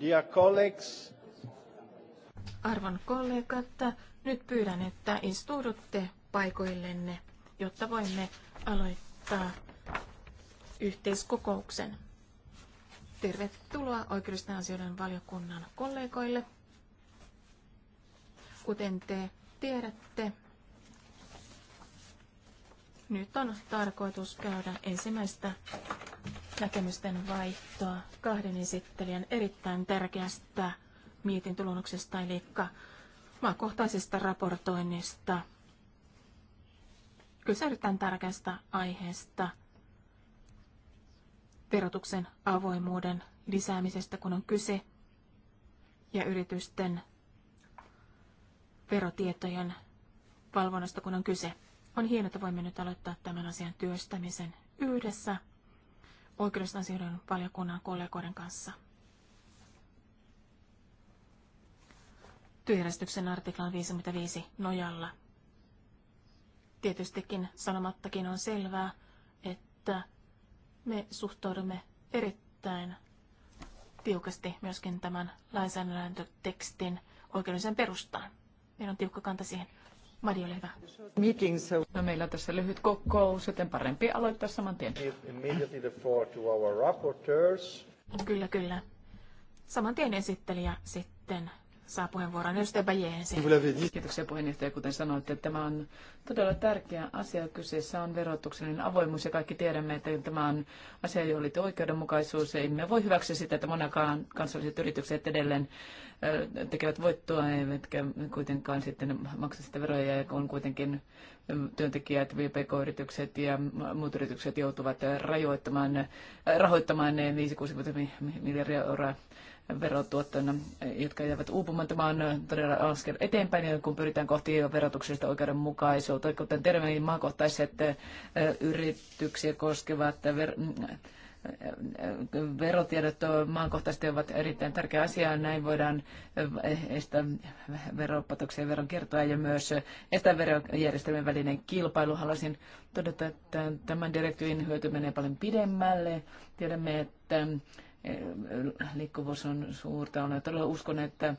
Dear colleagues. Arvon kollegat, nyt pyydän, että istuudutte paikoillenne, jotta voimme aloittaa yhteiskokouksen. Tervetuloa oikeudellisten asioiden valiokunnan kollegoille. Kuten te tiedätte, nyt on tarkoitus käydä ensimmäistä näkemysten vaihtoa kahden esittelijän erittäin tärkeästä mietintöluonnoksesta, eli maakohtaisesta raportoinnista. Kyse erittäin tärkeästä aiheesta, verotuksen avoimuuden lisäämisestä, kun on kyse, ja yritysten verotietojen valvonnasta, kun on kyse. On hienoa, että voimme nyt aloittaa tämän asian työstämisen yhdessä oikeudellisten valiokunnan kollegoiden kanssa. Työjärjestyksen artiklan 55 nojalla. Tietystikin sanomattakin on selvää, että me suhtaudumme erittäin tiukasti myöskin tämän lainsäädäntötekstin oikeudellisen perustaan. Meillä on tiukka kanta siihen. Mari, ole hyvä. No, meillä on tässä lyhyt kokous, joten parempi aloittaa saman tien. Kyllä, kyllä. Saman tien esittelijä sitten saa puheenvuoron. Edustaja Bajensi. Kiitoksia puheenjohtaja. Kuten sanoitte, että tämä on todella tärkeä asia. Kyseessä on verotuksellinen avoimuus ja kaikki tiedämme, että tämä on asia, jolla liittyy oikeudenmukaisuus. me voi hyväksyä sitä, että monakaan kansalliset yritykset edelleen tekevät voittoa, eivätkä kuitenkaan sitten maksa sitä veroja, ja on kuitenkin työntekijät, VPK-yritykset ja muut yritykset joutuvat rajoittamaan, rahoittamaan ne 5-60 miljardia euroa verotuottoina, jotka jäävät uupumaan. Tämä on todella askel eteenpäin, kun pyritään kohti verotuksesta oikeudenmukaisuutta, kuten terveen maakohtaiset yrityksiä koskevat ver- verotiedot maankohtaisesti ovat erittäin tärkeä asia. Näin voidaan estää veropatoksia ja veronkiertoa ja myös estää verojärjestelmän välinen kilpailu. Haluaisin todeta, että tämän direktiivin hyöty menee paljon pidemmälle. Tiedämme, että liikkuvuus on suurta. Olen todella uskon, että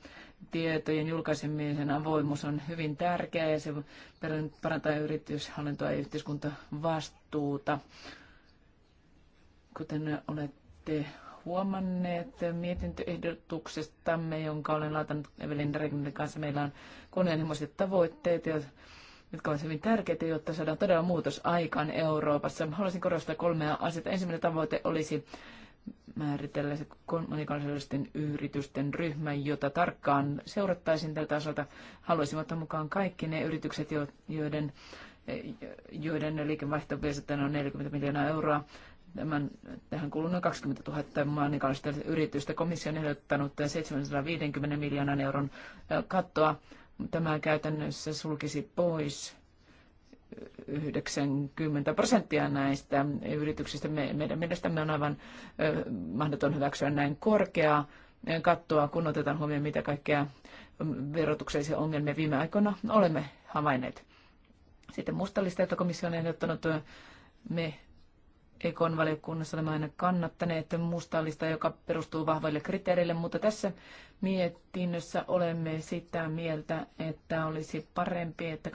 tietojen julkaisemisen avoimuus on hyvin tärkeää ja se parantaa yrityshallintoa ja yhteiskuntavastuuta. Kuten olette huomanneet mietintöehdotuksestamme, jonka olen laatanut Evelin Regnerin kanssa, meillä on kunnianhimoiset tavoitteet, jotka ovat hyvin tärkeitä, jotta saadaan todella muutos aikaan Euroopassa. Haluaisin korostaa kolmea asiaa. Ensimmäinen tavoite olisi määritellä se monikansallisten yritysten ryhmä, jota tarkkaan seurattaisiin tältä osalta. Haluaisin ottaa mukaan kaikki ne yritykset, joiden, joiden liikevaihto on 40 miljoonaa euroa. Tämän, tähän kuuluu noin 20 000 maanikallista yritystä. Komissio on ehdottanut 750 miljoonan euron kattoa. Tämä käytännössä sulkisi pois 90 prosenttia näistä yrityksistä. Me, meidän mielestämme on aivan mahdoton hyväksyä näin korkeaa kattoa, kun otetaan huomioon, mitä kaikkea verotuksellisia ongelmia viime aikoina olemme havainneet. Sitten mustallista, jota komissio on ehdottanut, me Ekon valiokunnassa olemme aina kannattaneet mustallista, joka perustuu vahvoille kriteereille, mutta tässä mietinnössä olemme sitä mieltä, että olisi parempi, että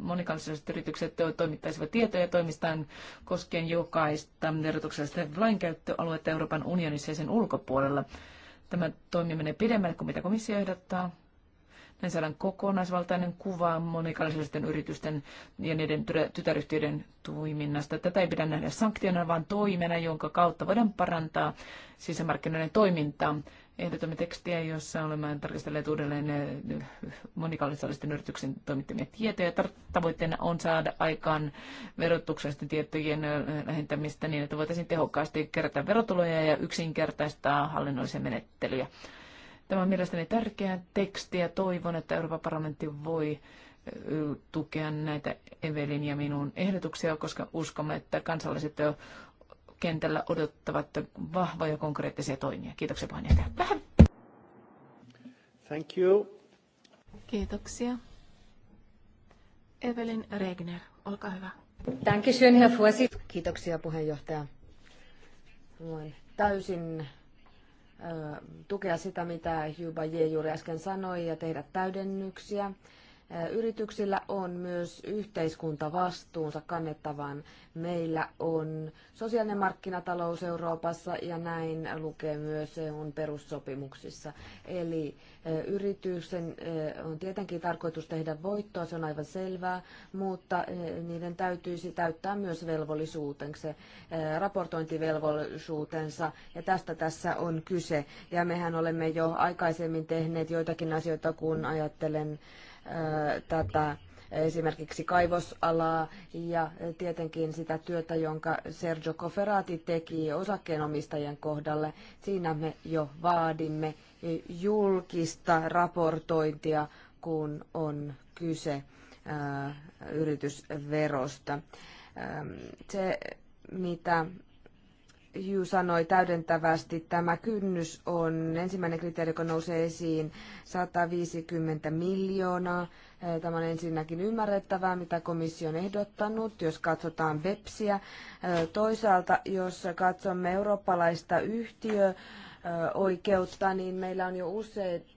monikansalliset yritykset toimittaisivat tietoja toimistaan koskien jokaista verotuksellista lainkäyttöaluetta Euroopan unionissa ja sen ulkopuolella. Tämä toimi menee pidemmälle kuin mitä komissio ehdottaa me saadaan kokonaisvaltainen kuva monikansallisten yritysten ja niiden tytäryhtiöiden toiminnasta. Tätä ei pidä nähdä sanktiona, vaan toimena, jonka kautta voidaan parantaa sisämarkkinoiden toimintaa. Ehdotamme tekstiä, jossa olemme tarkastelleet uudelleen eh, monikansallisten yrityksen toimittamia tietoja. Tavoitteena on saada aikaan verotuksellisten tietojen eh, lähentämistä niin, että voitaisiin tehokkaasti kerätä verotuloja ja yksinkertaistaa hallinnollisia menettelyjä. Tämä on mielestäni tärkeä teksti ja toivon, että Euroopan parlamentti voi tukea näitä Evelin ja minun ehdotuksia, koska uskomme, että kansalaiset kentällä odottavat vahvoja konkreettisia toimia. Kiitoksia puheenjohtaja. Vähän. Thank you. Kiitoksia. Evelin Regner, olkaa hyvä. Dankeschön, Herr Kiitoksia puheenjohtaja. täysin tukea sitä, mitä Juba J. juuri äsken sanoi, ja tehdä täydennyksiä. Yrityksillä on myös yhteiskuntavastuunsa kannettavan. Meillä on sosiaalinen markkinatalous Euroopassa ja näin lukee myös EUn perussopimuksissa. Eli yrityksen on tietenkin tarkoitus tehdä voittoa, se on aivan selvää, mutta niiden täytyisi täyttää myös velvollisuutensa, raportointivelvollisuutensa ja tästä tässä on kyse. Ja mehän olemme jo aikaisemmin tehneet joitakin asioita, kun ajattelen tätä esimerkiksi kaivosalaa ja tietenkin sitä työtä, jonka Sergio Coferati teki osakkeenomistajien kohdalle. Siinä me jo vaadimme julkista raportointia, kun on kyse yritysverosta. Se, mitä Ju sanoi täydentävästi, tämä kynnys on ensimmäinen kriteeri, joka nousee esiin 150 miljoonaa. Eh, tämä on ensinnäkin ymmärrettävää, mitä komissio on ehdottanut, jos katsotaan BEPSiä. Eh, toisaalta, jos katsomme eurooppalaista yhtiöoikeutta, niin meillä on jo useita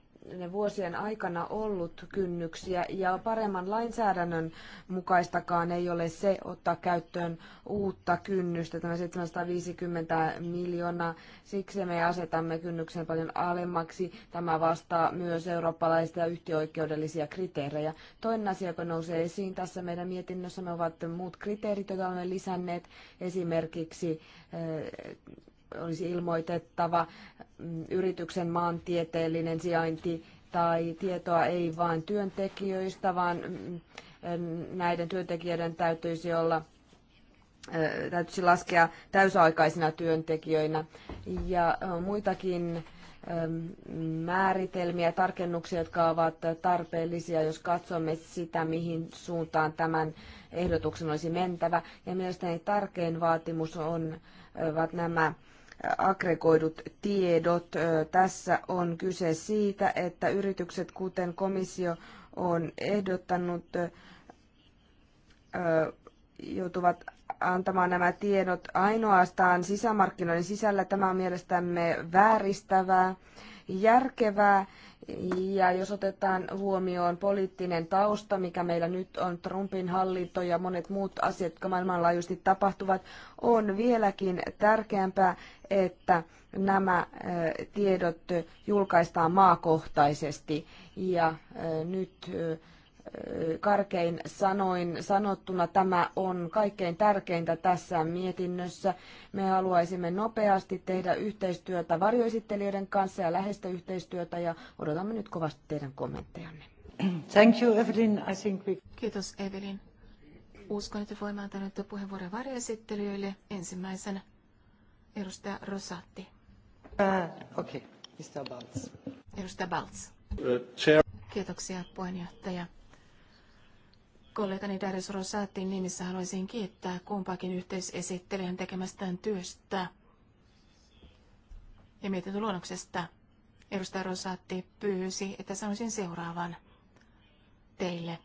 vuosien aikana ollut kynnyksiä ja paremman lainsäädännön mukaistakaan ei ole se ottaa käyttöön uutta kynnystä, tämä 750 miljoonaa. Siksi me asetamme kynnyksen paljon alemmaksi. Tämä vastaa myös eurooppalaisia yhtiöoikeudellisia kriteerejä. Toinen asia, joka nousee esiin tässä meidän mietinnössämme ovat muut kriteerit, joita olemme lisänneet. Esimerkiksi eh, olisi ilmoitettava mm, yrityksen maantieteellinen sijainti tai tietoa ei vain työntekijöistä, vaan mm, näiden työntekijöiden täytyisi olla täytyisi laskea täysaikaisina työntekijöinä. Ja muitakin määritelmiä ja tarkennuksia, jotka ovat tarpeellisia, jos katsomme sitä, mihin suuntaan tämän ehdotuksen olisi mentävä. Ja mielestäni tärkein vaatimus on, ovat nämä aggregoidut tiedot. Tässä on kyse siitä, että yritykset, kuten komissio on ehdottanut, joutuvat antamaan nämä tiedot ainoastaan sisämarkkinoiden sisällä. Tämä on mielestämme vääristävää, järkevää ja jos otetaan huomioon poliittinen tausta, mikä meillä nyt on, Trumpin hallinto ja monet muut asiat, jotka maailmanlaajuisesti tapahtuvat, on vieläkin tärkeämpää, että nämä tiedot julkaistaan maakohtaisesti. Ja nyt karkein sanoin sanottuna tämä on kaikkein tärkeintä tässä mietinnössä. Me haluaisimme nopeasti tehdä yhteistyötä varjoesittelijöiden kanssa ja läheistä yhteistyötä ja odotamme nyt kovasti teidän kommenttejanne. Thank you, Evelyn. I think we... Kiitos, Evelyn. Uskon, että voimme antaa nyt puheenvuoron varjoesittelijöille ensimmäisenä. Edustaja Rosatti. Uh, okay. Mr. Baltz. Edustaja Baltz. Uh, chair. Kiitoksia, puheenjohtaja. Kollegani Darius Rosatin nimissä haluaisin kiittää kumpaakin yhteisesittelijän tekemästään työstä ja mietintöluonnoksesta. Edustaja Rosatti pyysi, että sanoisin seuraavan teille.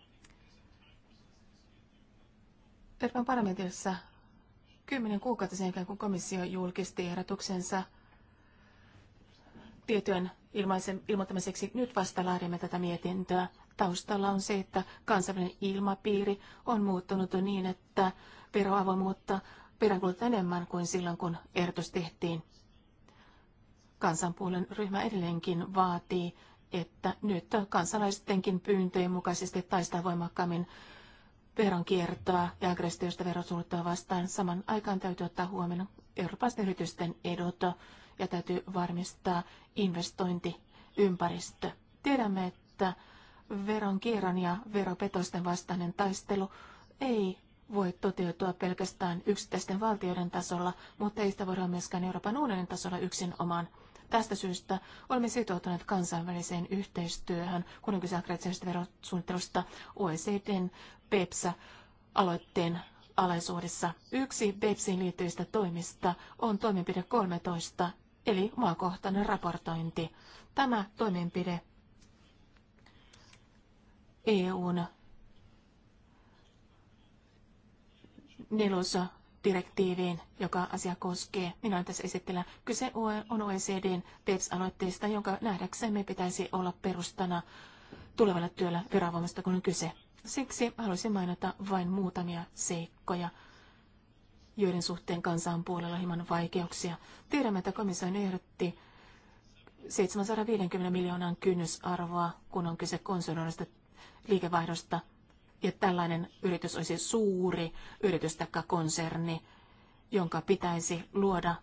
Euroopan parlamentissa kymmenen kuukautta sen jälkeen, kun komissio julkisti ehdotuksensa tietyn ilmoittamiseksi, nyt vasta laadimme tätä mietintöä. Taustalla on se, että kansainvälinen ilmapiiri on muuttunut niin, että veroavoimuutta peräänkuulutetaan enemmän kuin silloin, kun ehdotus tehtiin. Kansanpuolen ryhmä edelleenkin vaatii, että nyt kansalaistenkin pyyntöjen mukaisesti taistaa voimakkaammin veronkiertoa ja aggressiivista verosuunnittelua vastaan. Saman aikaan täytyy ottaa huomioon Euroopan yritysten edut ja täytyy varmistaa investointiympäristö. Tiedämme, että veronkierron ja veropetosten vastainen taistelu ei voi toteutua pelkästään yksittäisten valtioiden tasolla, mutta ei sitä voida myöskään Euroopan unionin tasolla yksin omaan. Tästä syystä olemme sitoutuneet kansainväliseen yhteistyöhön, kun on kyse aggressiivisesta verosuunnittelusta OECDn BEPSA-aloitteen alaisuudessa. Yksi BEPSiin liittyvistä toimista on toimenpide 13, eli maakohtainen raportointi. Tämä toimenpide EUn nelosa direktiiviin, joka asia koskee. Minä olen tässä esittelen. Kyse on OECDn TEPS-aloitteesta, jonka nähdäksemme pitäisi olla perustana tulevalla työllä viranvoimasta, kun on kyse. Siksi haluaisin mainita vain muutamia seikkoja, joiden suhteen kansan puolella hieman vaikeuksia. Tiedämme, että komissio ehdotti 750 miljoonan kynnysarvoa, kun on kyse konsernoidusta liikevaihdosta. Ja tällainen yritys olisi suuri yritys tai konserni, jonka pitäisi luoda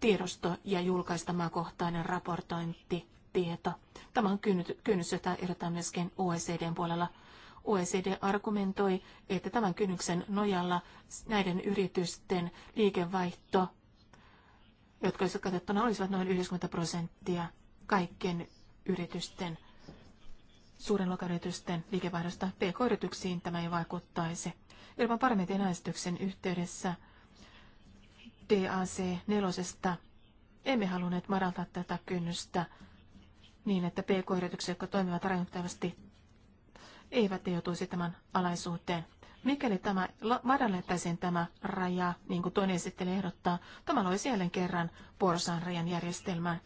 tiedosto ja julkaista maakohtainen raportointitieto. Tämä on kynnys, jota erotaan myöskin OECDn puolella. OECD argumentoi, että tämän kynnyksen nojalla näiden yritysten liikevaihto, jotka olisivat katsottuna, olisivat noin 90 prosenttia kaikkien yritysten suuren luokan yritysten liikevaihdosta pk-yrityksiin tämä ei vaikuttaisi. Euroopan parlamentin äänestyksen yhteydessä DAC 4 emme halunneet madaltaa tätä kynnystä niin, että pk-yritykset, jotka toimivat rajoittavasti, eivät joutuisi tämän alaisuuteen. Mikäli tämä madallettaisiin tämä raja, niin kuin toinen sitten ehdottaa, tämä loisi jälleen kerran rajan järjestelmään.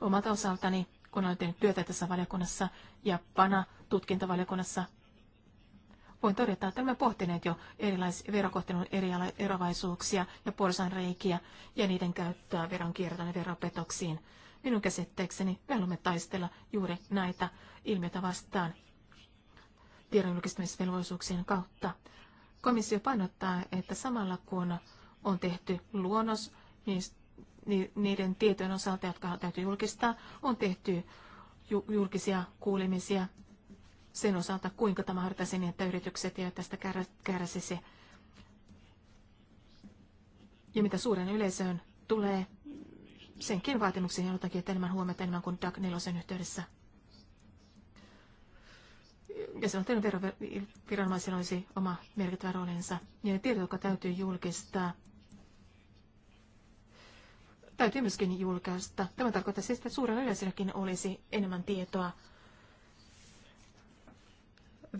Omalta osaltani kun olen tehnyt työtä tässä valiokunnassa ja pana tutkintavaliokunnassa. Voin todeta, että olemme pohtineet jo erilaisia verokohtelun eri erovaisuuksia ja porsanreikiä ja niiden käyttöä veronkiertoon ja veropetoksiin. Minun käsitteekseni me haluamme taistella juuri näitä ilmiötä vastaan tiedon julkistamisvelvollisuuksien kautta. Komissio painottaa, että samalla kun on tehty luonnos niin niiden tietojen osalta, jotka täytyy julkistaa, on tehty julkisia kuulemisia sen osalta, kuinka tämä harjoittaisi niin, että yritykset eivät tästä kärsisi. Ja mitä suuren yleisöön tulee, senkin vaatimuksiin jotakin, että enemmän huomiota enemmän kuin Doug 4 yhteydessä. Ja se on tehnyt viranomaisilla olisi oma merkittävä roolinsa. Ja ne tiedot, jotka täytyy julkistaa, täytyy myöskin julkaista. Tämä tarkoittaa siis, että suurella yleisölläkin olisi enemmän tietoa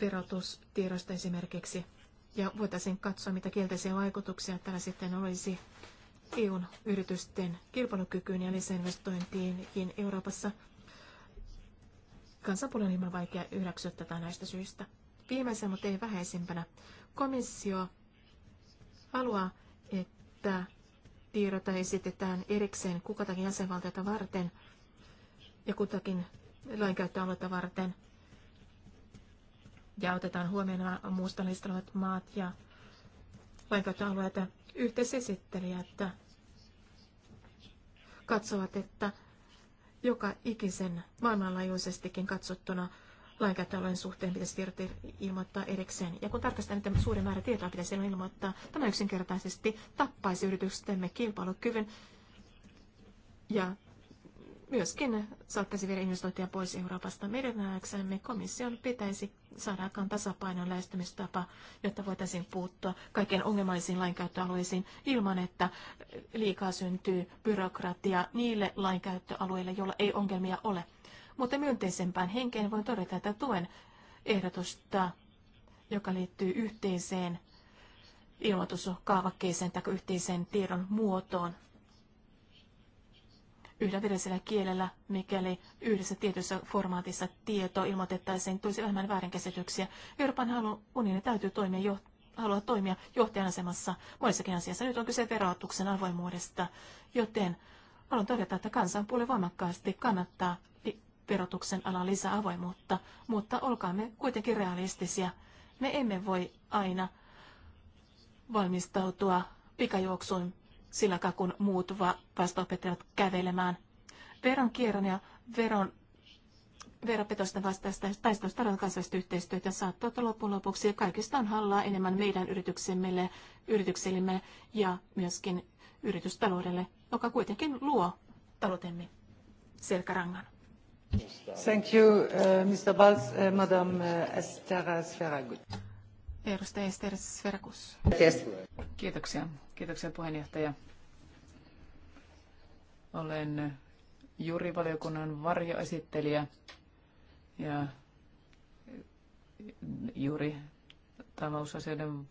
verotustiedosta esimerkiksi. Ja voitaisiin katsoa, mitä kielteisiä vaikutuksia tällä sitten olisi EUn yritysten kilpailukykyyn ja lisäinvestointiin Euroopassa. Kansanpuolella on ilman vaikea hyväksyä tätä näistä syistä. Viimeisenä, mutta ei vähäisimpänä, komissio haluaa, että tiedot niin esitetään erikseen kukatakin jäsenvaltiota varten ja kutakin lainkäyttöaluetta varten. Ja otetaan huomioon nämä muusta listalla maat ja lainkäyttöalueet. Yhteisesittelijät katsovat, että joka ikisen maailmanlaajuisestikin katsottuna – lainkäyttöalueen suhteen pitäisi tiedot ilmoittaa erikseen. Ja kun tarkastetaan, että suuri määrä tietoa pitäisi ilmoittaa, tämä yksinkertaisesti tappaisi yritystemme kilpailukyvyn ja myöskin saattaisi viedä investointia pois Euroopasta. Meidän nähdäksemme komission pitäisi saada aikaan tasapainon lähestymistapa, jotta voitaisiin puuttua kaikkien ongelmallisiin lainkäyttöalueisiin ilman, että liikaa syntyy byrokratia niille lainkäyttöalueille, joilla ei ongelmia ole. Mutta myönteisempään henkeen voin todeta, että tuen ehdotusta, joka liittyy yhteiseen ilmoituskaavakkeeseen tai yhteiseen tiedon muotoon yhdellä virallisella kielellä, mikäli yhdessä tietyssä formaatissa tieto ilmoitettaisiin, tulisi vähemmän väärinkäsityksiä. Euroopan unioni täytyy toimia jo, haluaa toimia johtajan asemassa monessakin asiassa. Nyt on kyse verotuksen avoimuudesta, joten haluan todeta, että kansanpuoli voimakkaasti kannattaa verotuksen lisää avoimuutta, mutta olkaamme kuitenkin realistisia. Me emme voi aina valmistautua pikajuoksuun sillä kun muut va- vastaopettajat kävelemään. Veronkierron ja veron veropetosten vastaista taistelusta kansainvälistä yhteistyötä saattaa olla loppujen lopuksi kaikista on hallaa enemmän meidän yrityksemme, yrityksillemme ja myöskin yritystaloudelle, joka kuitenkin luo taloutemme selkärangan. Thank you, uh, Mr. Balz, uh, Madam uh, Estera Sferagut. Esther Sferakus. Kiitoksia. Kiitoksia puheenjohtaja. Olen juurivaliokunnan varjoesittelijä ja juuri talousasioiden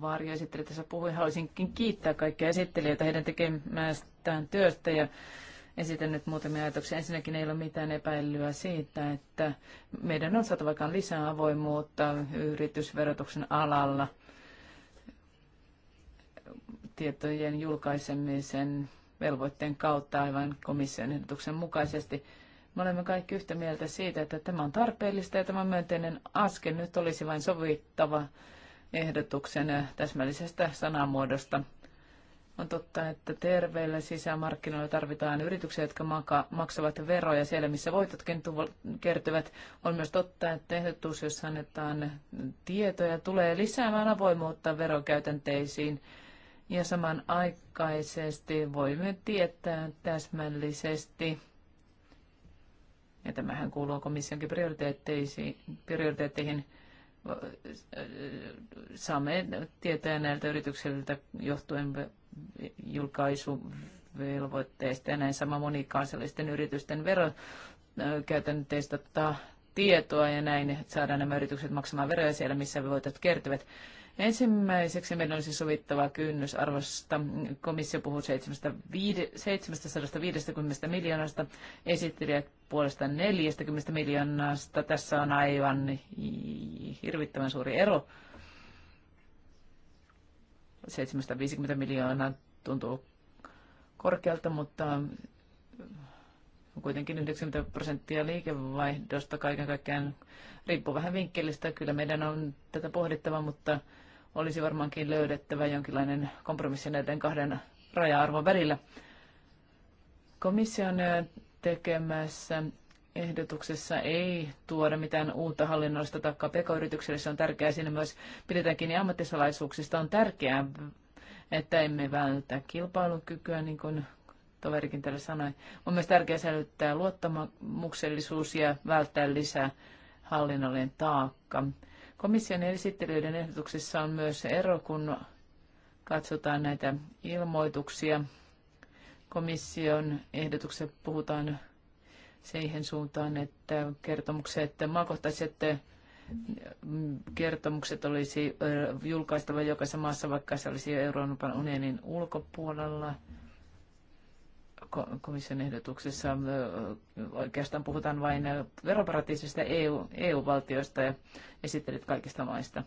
varjoesittelijä tässä puhui. Haluaisinkin kiittää kaikkia esittelijöitä heidän tekemästään työstä ja Esitän nyt muutamia ajatuksia. Ensinnäkin ei ole mitään epäilyä siitä, että meidän on saatavakaan lisää avoimuutta yritysverotuksen alalla tietojen julkaisemisen velvoitteen kautta aivan komission ehdotuksen mukaisesti. Me olemme kaikki yhtä mieltä siitä, että tämä on tarpeellista ja tämä myönteinen askel nyt olisi vain sovittava ehdotuksen täsmällisestä sanamuodosta on totta, että terveillä sisämarkkinoilla tarvitaan yrityksiä, jotka maka- maksavat veroja siellä, missä voitotkin kertyvät. On myös totta, että ehdotus, jossa annetaan tietoja, tulee lisäämään avoimuutta verokäytänteisiin. Ja samanaikaisesti voimme tietää täsmällisesti, ja tämähän kuuluu komissionkin prioriteetteihin, saamme tietää näiltä yrityksiltä johtuen julkaisuvelvoitteista ja näin sama monikansallisten yritysten verokäytänteistä ottaa tietoa ja näin saadaan nämä yritykset maksamaan veroja siellä, missä voitot kertyvät. Ensimmäiseksi meillä olisi sovittava kynnysarvosta. Komissio puhuu 750 miljoonasta, esittelijät puolestaan 40 miljoonasta. Tässä on aivan hirvittävän suuri ero. 750 miljoonaa tuntuu korkealta, mutta kuitenkin 90 prosenttia liikevaihdosta kaiken kaikkiaan riippuu vähän vinkkelistä. Kyllä meidän on tätä pohdittava, mutta olisi varmaankin löydettävä jonkinlainen kompromissi näiden kahden raja-arvon välillä. Komission tekemässä ehdotuksessa ei tuoda mitään uutta hallinnollista taakkaa pk Se on tärkeää. Siinä myös pidetään kiinni ammattisalaisuuksista. On tärkeää, että emme vältä kilpailukykyä, niin kuin toverikin täällä sanoi. On myös tärkeää säilyttää luottamuksellisuus ja välttää lisää hallinnollinen taakka. Komission esittelyiden ehdotuksessa on myös ero, kun katsotaan näitä ilmoituksia. Komission ehdotuksessa puhutaan siihen suuntaan, että kertomukset, maakohtaiset mm, kertomukset olisi julkaistava jokaisessa maassa, vaikka se olisi Euroopan unionin ulkopuolella. Komission ehdotuksessa oikeastaan puhutaan vain veroparatiisista EU, EU-valtioista ja esittelyt kaikista maista.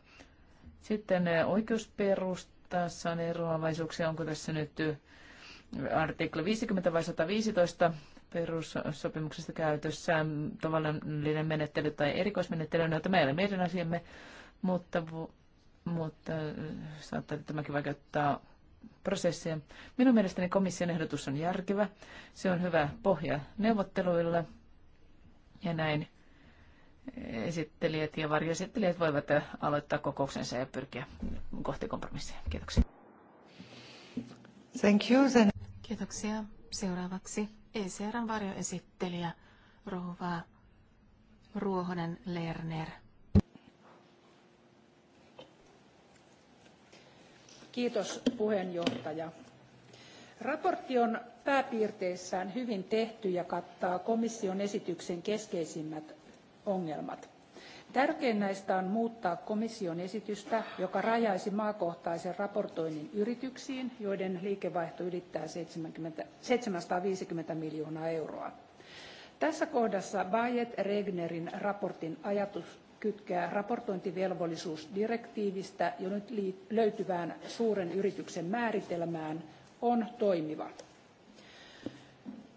Sitten oikeusperustassa on eroavaisuuksia. Onko tässä nyt artikla 50 vai 115? perussopimuksesta käytössä tavallinen menettely tai erikoismenettely, on meillä meidän asiamme, mutta, mutta äh, saattaa tämäkin vaikeuttaa prosessia. Minun mielestäni komission ehdotus on järkevä. Se on hyvä pohja neuvotteluilla ja näin esittelijät ja varjoesittelijät voivat äh, aloittaa kokouksensa ja pyrkiä kohti kompromissia. Kiitoksia. Thank you. Kiitoksia. Seuraavaksi ECRn varjoesittelijä Rouva Ruohonen Lerner. Kiitos puheenjohtaja. Raportti on pääpiirteissään hyvin tehty ja kattaa komission esityksen keskeisimmät ongelmat. Tärkein näistä on muuttaa komission esitystä, joka rajaisi maakohtaisen raportoinnin yrityksiin, joiden liikevaihto ylittää 70, 750 miljoonaa euroa. Tässä kohdassa Bayet-Regnerin raportin ajatus kytkeä raportointivelvollisuus direktiivistä jo nyt löytyvään suuren yrityksen määritelmään on toimiva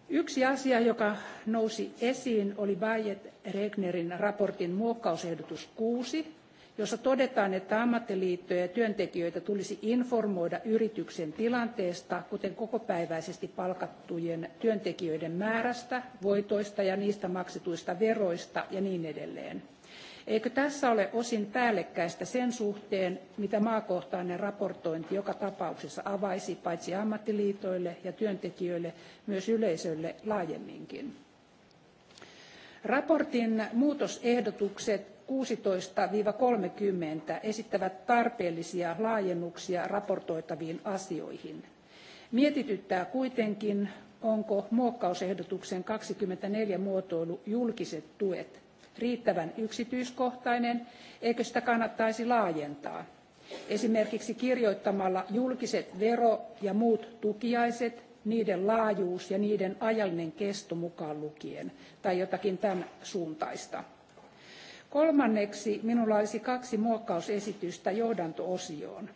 yksi asia joka nousi esiin oli bayet regnerin raportin muokkausehdotus kuusi jossa todetaan että ammattiliittoja ja työntekijöitä tulisi informoida yrityksen tilanteesta kuten kokopäiväisesti palkattujen työntekijöiden määrästä voitoista ja niistä maksetuista veroista ja niin edelleen. Eikö tässä ole osin päällekkäistä sen suhteen, mitä maakohtainen raportointi joka tapauksessa avaisi paitsi ammattiliitoille ja työntekijöille, myös yleisölle laajemminkin? Raportin muutosehdotukset 16-30 esittävät tarpeellisia laajennuksia raportoitaviin asioihin. Mietityttää kuitenkin, onko muokkausehdotuksen 24 muotoilu julkiset tuet riittävän yksityiskohtainen eikö sitä kannattaisi laajentaa esimerkiksi kirjoittamalla julkiset vero ja muut tukiaiset niiden laajuus ja niiden ajallinen kesto mukaan lukien tai jotakin tämän suuntaista. Kolmanneksi minulla olisi kaksi muokkausesitystä johdanto-osioon.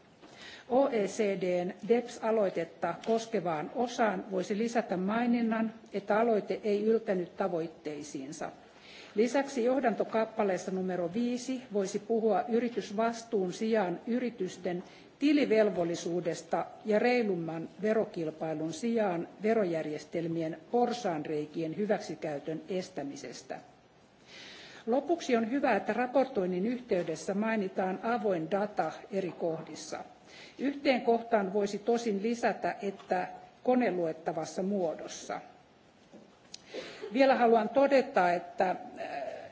OECDn DEPS-aloitetta koskevaan osaan voisi lisätä maininnan, että aloite ei yltänyt tavoitteisiinsa. Lisäksi johdantokappaleessa numero viisi voisi puhua yritysvastuun sijaan yritysten tilivelvollisuudesta ja reilumman verokilpailun sijaan verojärjestelmien porsaanreikien hyväksikäytön estämisestä. Lopuksi on hyvä, että raportoinnin yhteydessä mainitaan avoin data eri kohdissa. Yhteen kohtaan voisi tosin lisätä, että koneluettavassa muodossa. Vielä haluan todeta, että äh,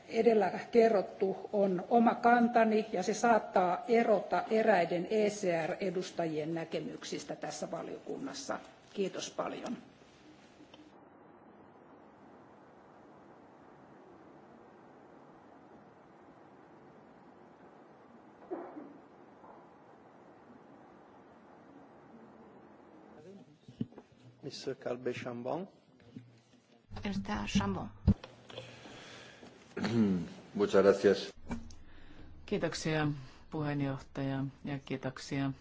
edellä kerrottu on oma kantani ja se saattaa erota eräiden ECR-edustajien näkemyksistä tässä valiokunnassa. Kiitos paljon. Mr. Calbe Chambon. Edustaja Chambon. Muchas gracias. Kiitoksia puheenjohtaja ja kiitoksia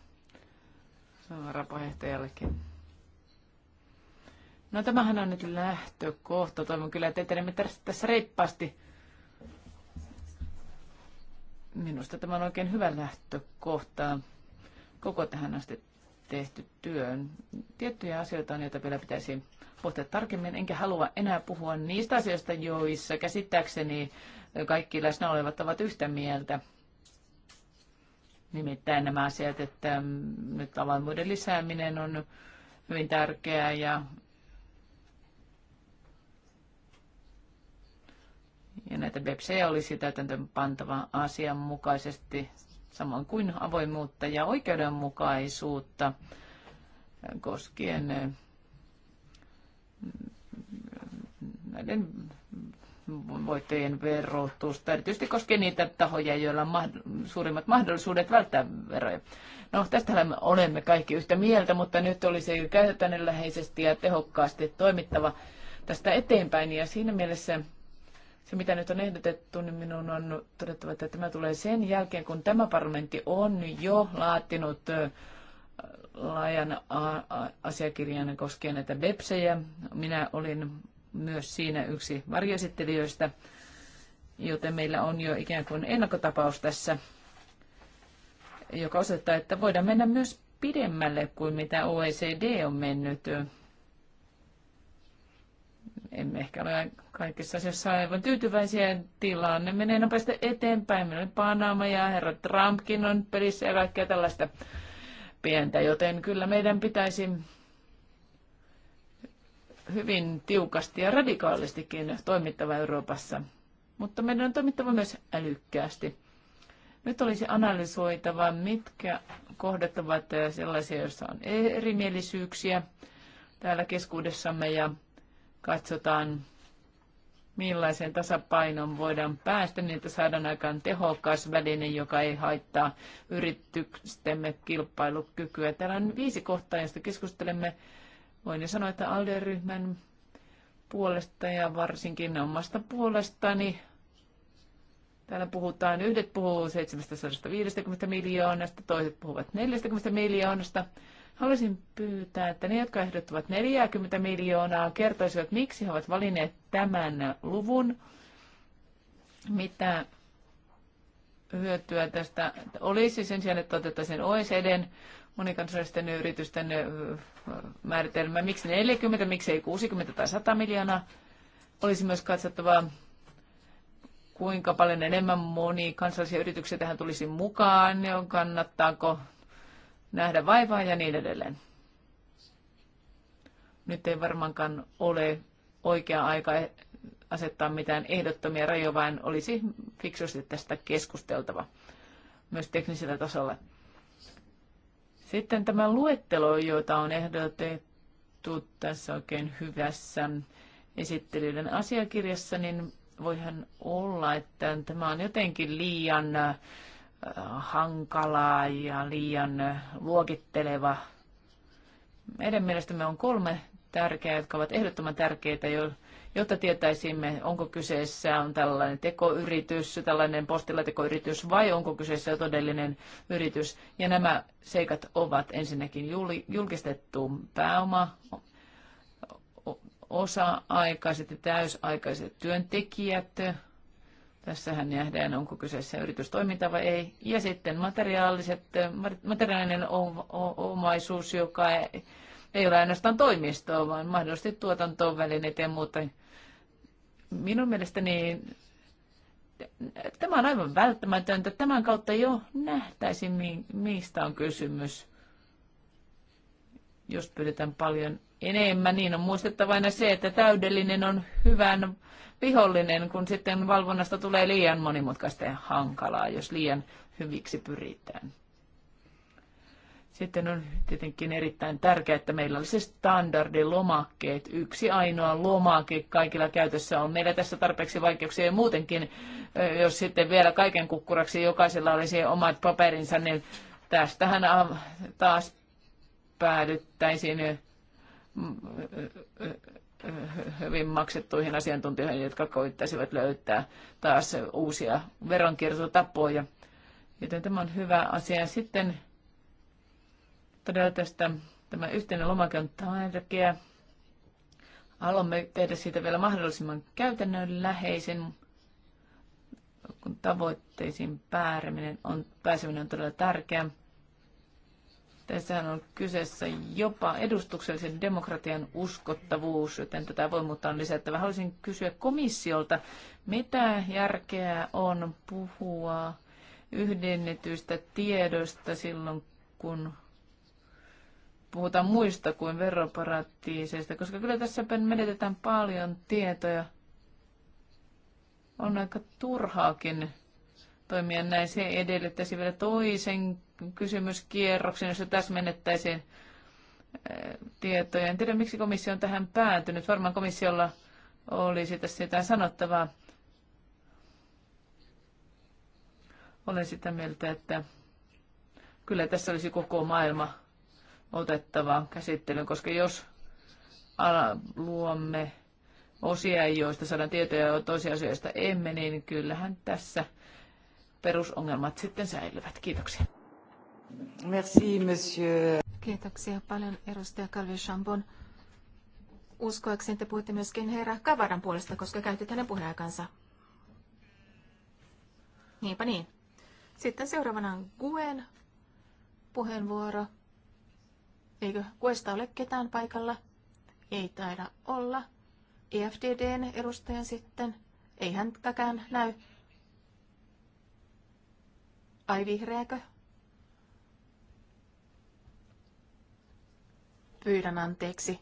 varapuheenjohtajallekin. No tämähän on nyt lähtökohta. Toivon kyllä, että etenemme tässä reippaasti. Minusta tämä on oikein hyvä lähtökohta koko tähän asti tehty työ. Tiettyjä asioita on, joita vielä pitäisi pohtia tarkemmin, enkä halua enää puhua niistä asioista, joissa käsittääkseni kaikki läsnä olevat ovat yhtä mieltä. Nimittäin nämä asiat, että nyt avoimuuden lisääminen on hyvin tärkeää ja, ja näitä BEPSejä olisi täytäntöön pantava asianmukaisesti samoin kuin avoimuutta ja oikeudenmukaisuutta koskien eh, näiden voittojen verotusta, erityisesti koskien niitä tahoja, joilla on suurimmat mahdollisuudet välttää veroja. No, tästä olemme kaikki yhtä mieltä, mutta nyt olisi käytännönläheisesti ja tehokkaasti toimittava tästä eteenpäin, ja siinä mielessä se, mitä nyt on ehdotettu, niin minun on todettava, että tämä tulee sen jälkeen, kun tämä parlamentti on jo laatinut laajan asiakirjan koskien näitä BEPSejä. Minä olin myös siinä yksi varjoesittelijöistä, joten meillä on jo ikään kuin ennakkotapaus tässä, joka osoittaa, että voidaan mennä myös pidemmälle kuin mitä OECD on mennyt emme ehkä ole kaikissa asioissa aivan tyytyväisiä. Tilanne menee nopeasti eteenpäin. Meillä on Panama ja herra Trumpkin on pelissä ja kaikkea tällaista pientä, joten kyllä meidän pitäisi hyvin tiukasti ja radikaalistikin toimittava Euroopassa. Mutta meidän on toimittava myös älykkäästi. Nyt olisi analysoitava, mitkä kohdat ovat sellaisia, joissa on erimielisyyksiä täällä keskuudessamme ja katsotaan, millaisen tasapainon voidaan päästä, niin että saadaan aikaan tehokas väline, joka ei haittaa yritystemme kilpailukykyä. Täällä on viisi kohtaa, josta keskustelemme. Voin sanoa, että ALDE-ryhmän puolesta ja varsinkin omasta puolestani Täällä puhutaan, yhdet puhuu 750 miljoonasta, toiset puhuvat 40 miljoonasta. Haluaisin pyytää, että ne, jotka ehdottavat 40 miljoonaa, kertoisivat, miksi he ovat valinneet tämän luvun, mitä hyötyä tästä olisi sen sijaan, että otettaisiin OECDn monikansallisten yritysten määritelmä, miksi 40, miksi ei 60 tai 100 miljoonaa. Olisi myös katsottava, kuinka paljon enemmän monikansallisia yrityksiä tähän tulisi mukaan, ja kannattaako nähdä vaivaa ja niin edelleen. Nyt ei varmaankaan ole oikea aika e- asettaa mitään ehdottomia rajoja, vaan olisi fiksusti tästä keskusteltava myös teknisellä tasolla. Sitten tämä luettelo, jota on ehdotettu tässä oikein hyvässä esittelyiden asiakirjassa, niin voihan olla, että tämä on jotenkin liian hankalaa ja liian luokitteleva. Meidän mielestämme on kolme tärkeää, jotka ovat ehdottoman tärkeitä, jotta tietäisimme, onko kyseessä on tällainen tekoyritys, tällainen postilatekoyritys vai onko kyseessä todellinen yritys. Ja nämä seikat ovat ensinnäkin julkistettu pääoma, osa-aikaiset ja täysaikaiset työntekijät, Tässähän nähdään, onko kyseessä yritystoiminta vai ei. Ja sitten materiaaliset, materiaalinen omaisuus, joka ei ole ainoastaan toimistoa, vaan mahdollisesti tuotantoon välineitä ja muuta. Minun mielestäni tämä on aivan välttämätöntä. Tämän kautta jo nähtäisiin, mistä on kysymys, jos pyydetään paljon enemmän, niin on muistettava aina se, että täydellinen on hyvän vihollinen, kun sitten valvonnasta tulee liian monimutkaista ja hankalaa, jos liian hyviksi pyritään. Sitten on tietenkin erittäin tärkeää, että meillä olisi standardilomakkeet. Yksi ainoa lomake kaikilla käytössä on. Meillä tässä tarpeeksi vaikeuksia ja muutenkin, jos sitten vielä kaiken kukkuraksi jokaisella olisi omat paperinsa, niin tästähän taas päädyttäisiin hyvin maksettuihin asiantuntijoihin, jotka koittaisivat löytää taas uusia veronkiertotapoja. Joten tämä on hyvä asia. Sitten todella tästä tämä yhteinen lomake on tärkeä. Haluamme tehdä siitä vielä mahdollisimman käytännönläheisen, kun tavoitteisiin pääseminen on, pääseminen todella tärkeää. Tässähän on kyseessä jopa edustuksellisen demokratian uskottavuus, joten tätä voi on lisättävä. Haluaisin kysyä komissiolta, mitä järkeä on puhua yhdennetyistä tiedoista silloin, kun puhutaan muista kuin veroparatiiseista, koska kyllä tässä menetetään paljon tietoja. On aika turhaakin toimia näin. Se edellyttäisi vielä toisen kysymyskierroksen, jossa täsmennettäisiin tietoja. En tiedä, miksi komissio on tähän päätynyt. Varmaan komissiolla olisi tässä jotain sanottavaa. Olen sitä mieltä, että kyllä tässä olisi koko maailma otettava käsittelyyn, koska jos luomme osia, joista saadaan tietoja ja toisia asioista emme, niin kyllähän tässä perusongelmat sitten säilyvät. Kiitoksia. Merci, monsieur. Kiitoksia paljon, edustaja Calvi Chambon. Uskoakseni te puhutte myöskin herra Kavaran puolesta, koska käytit hänen puheenaikansa. Niinpä niin. Sitten seuraavana on Guen puheenvuoro. Eikö Guesta ole ketään paikalla? Ei taida olla. EFDDn edustajan sitten. Ei hän takään näy. Ai vihreäkö? pyydän anteeksi.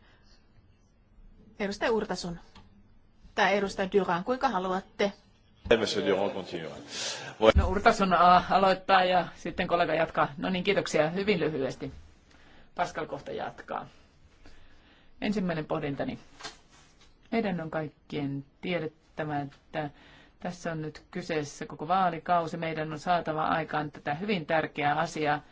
Edustaja Urtasun tai edustaja Duran, kuinka haluatte? No Urtasun aloittaa ja sitten kollega jatkaa. No niin, kiitoksia hyvin lyhyesti. Pascal kohta jatkaa. Ensimmäinen pohdintani. Meidän on kaikkien tiedettävä, että tässä on nyt kyseessä koko vaalikausi. Meidän on saatava aikaan tätä hyvin tärkeää asiaa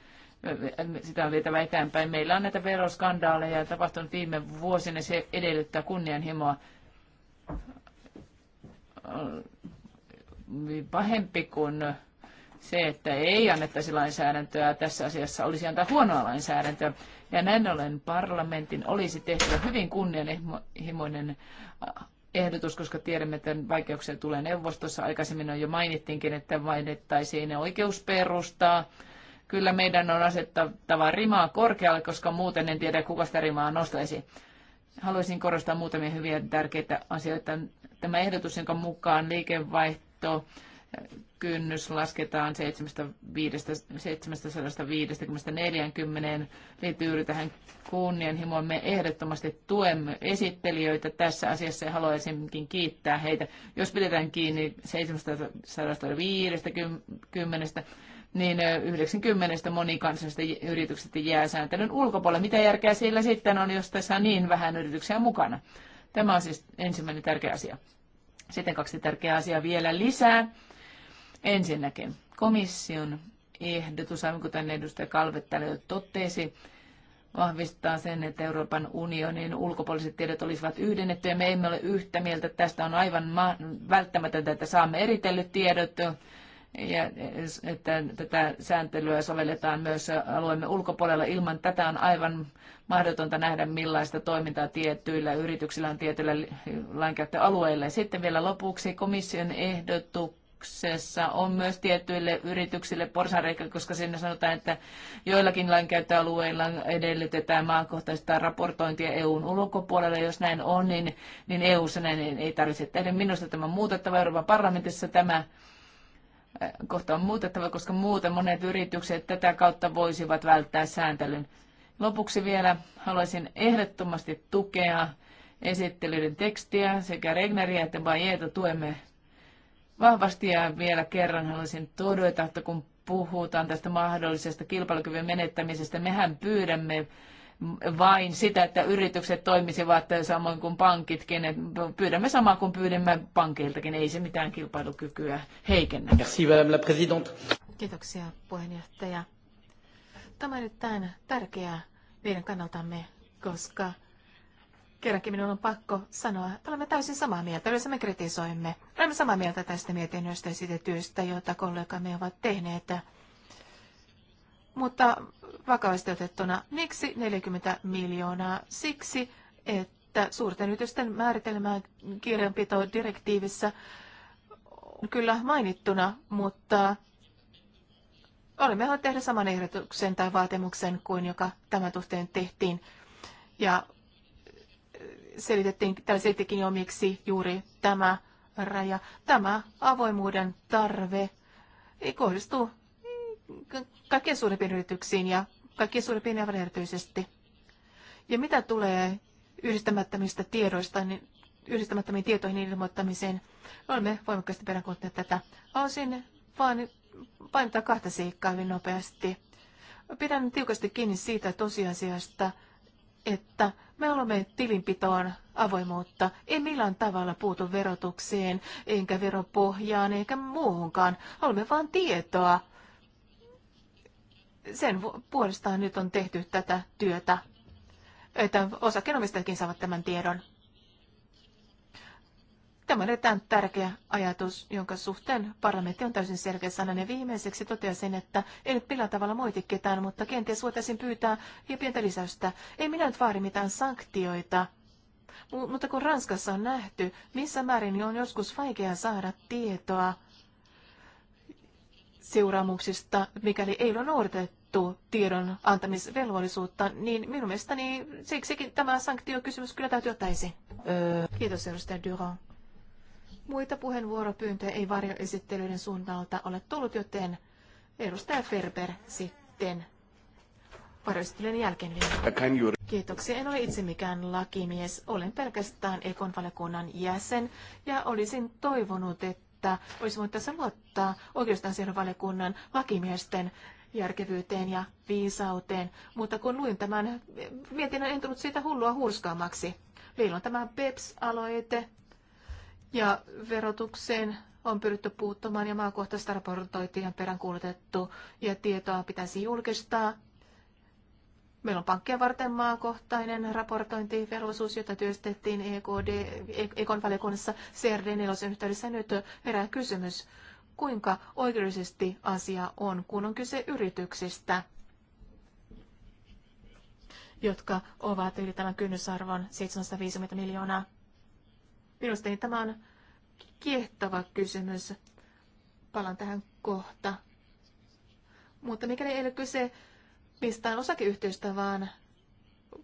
sitä on vietävä eteenpäin. Meillä on näitä veroskandaaleja tapahtunut viime vuosina, se edellyttää kunnianhimoa. Pahempi kuin se, että ei annettaisi lainsäädäntöä tässä asiassa, olisi antaa huonoa lainsäädäntöä. Ja näin ollen parlamentin olisi tehtävä hyvin kunnianhimoinen ehdotus, koska tiedämme, että vaikeuksia tulee neuvostossa. Aikaisemmin on jo mainittiinkin, että vaihdettaisiin oikeusperustaa Kyllä meidän on asettava rimaa korkealle, koska muuten en tiedä, kuka sitä rimaa nostaisi. Haluaisin korostaa muutamia hyviä tärkeitä asioita. Tämä ehdotus, jonka mukaan liikevaihto kynnys lasketaan 750-40 liittyy juuri tähän kunnianhimoon. Me ehdottomasti tuemme esittelijöitä tässä asiassa ja haluaisinkin kiittää heitä. Jos pidetään kiinni 750 niin 90 monikansallisesta yrityksestä jää sääntelyn ulkopuolelle. Mitä järkeä sillä sitten on, jos tässä on niin vähän yrityksiä mukana? Tämä on siis ensimmäinen tärkeä asia. Sitten kaksi tärkeää asiaa vielä lisää. Ensinnäkin komission ehdotus, aivan kuten edustaja Kalvet täällä jo totesi, vahvistaa sen, että Euroopan unionin ulkopuoliset tiedot olisivat ja Me emme ole yhtä mieltä. Tästä on aivan välttämätöntä, että saamme eritellyt tiedot ja että tätä sääntelyä sovelletaan myös alueemme ulkopuolella. Ilman tätä on aivan mahdotonta nähdä, millaista toimintaa tietyillä yrityksillä on tietyillä lainkäyttöalueilla. Sitten vielä lopuksi komission ehdotuksessa on myös tietyille yrityksille porsareikä, koska sinne sanotaan, että joillakin lainkäyttöalueilla edellytetään maakohtaista raportointia EUn ulkopuolella. Jos näin on, niin, niin EUssa näin ei tarvitse tehdä. Minusta tämä on muutettava Euroopan parlamentissa tämä Äh, kohta on muutettava, koska muuten monet yritykset tätä kautta voisivat välttää sääntelyn. Lopuksi vielä haluaisin ehdottomasti tukea esittelyiden tekstiä sekä Regneriä että Bajeta tuemme vahvasti ja vielä kerran haluaisin todeta, että kun puhutaan tästä mahdollisesta kilpailukyvyn menettämisestä, mehän pyydämme vain sitä, että yritykset toimisivat samoin kuin pankitkin. Pyydämme samaa kuin pyydämme pankeiltakin. Ei se mitään kilpailukykyä heikennä. Merci, madame la présidente. Kiitoksia, puheenjohtaja. Tämä on tämän tärkeää meidän kannaltamme, koska kerrankin minun on pakko sanoa, että olemme täysin samaa mieltä. Yleensä me kritisoimme. Olemme samaa mieltä tästä mietinnöstä ja siitä työstä, jota kollegamme ovat tehneet. Mutta vakavasti otettuna. Miksi 40 miljoonaa? Siksi, että suurten yritysten määritelmää kirjanpitodirektiivissä direktiivissä on kyllä mainittuna, mutta olemme halunneet tehdä saman ehdotuksen tai vaatimuksen kuin joka tämän suhteen tehtiin. Ja eh, selitettiin, tai selitettiin jo miksi juuri tämä raja. Tämä avoimuuden tarve ei kohdistu kaikkein suurimpiin yrityksiin ja kaikkein suurimpiin aivan erityisesti. Ja mitä tulee yhdistämättömistä tiedoista, niin yhdistämättömiin tietoihin ilmoittamiseen, olemme voimakkaasti peräänkuuttaneet tätä. Haluaisin vain painottaa kahta seikkaa hyvin nopeasti. Pidän tiukasti kiinni siitä tosiasiasta, että me haluamme tilinpitoon avoimuutta. Ei millään tavalla puutu verotukseen, enkä veropohjaan, eikä muuhunkaan. Haluamme vain tietoa sen puolestaan nyt on tehty tätä työtä, että osakkeenomistajatkin saavat tämän tiedon. Tämä on erittäin tärkeä ajatus, jonka suhteen parlamentti on täysin selkeä Ja Viimeiseksi toteasin, että ei nyt millään tavalla moiti ketään, mutta kenties voitaisiin pyytää ja pientä lisäystä. Ei minä nyt vaari mitään sanktioita, mutta kun Ranskassa on nähty, missä määrin on joskus vaikea saada tietoa seuraamuksista, mikäli ei ole noudatettu tiedon antamisvelvollisuutta, niin minun mielestäni siksikin tämä sanktiokysymys kyllä täytyy ottaa esiin. Öö. Kiitos edustaja Durand. Muita puheenvuoropyyntöjä ei varjoesittelyiden suunnalta ole tullut, joten edustaja Ferber sitten varjoesittelyn jälkeen vielä. Kiitoksia. En ole itse mikään lakimies. Olen pelkästään Ekon jäsen ja olisin toivonut, että että voinut tässä luottaa oikeustansian valiokunnan lakimiesten järkevyyteen ja viisauteen, mutta kun luin tämän mietinnän, en tullut siitä hullua hurskaammaksi. Meillä on tämä BEPS-aloite ja verotukseen on pyritty puuttumaan ja maakohtaista raportointia on peräänkuulutettu ja tietoa pitäisi julkistaa Meillä on pankkia varten maakohtainen raportointivelvollisuus, jota työstettiin EKD, e- EKon valiokunnassa CRD4 yhteydessä. Nyt herää kysymys, kuinka oikeudellisesti asia on, kun on kyse yrityksistä, jotka ovat yli tämän kynnysarvon 750 miljoonaa. Minusta niin tämä on kiehtova kysymys. Palaan tähän kohta. Mutta mikäli ei ole kyse mistään osakeyhtiöstä, vaan